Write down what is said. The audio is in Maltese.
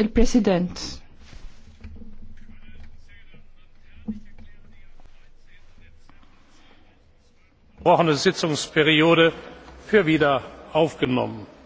Il-President. Wochen Sitzungsperiode für wieder aufgenommen.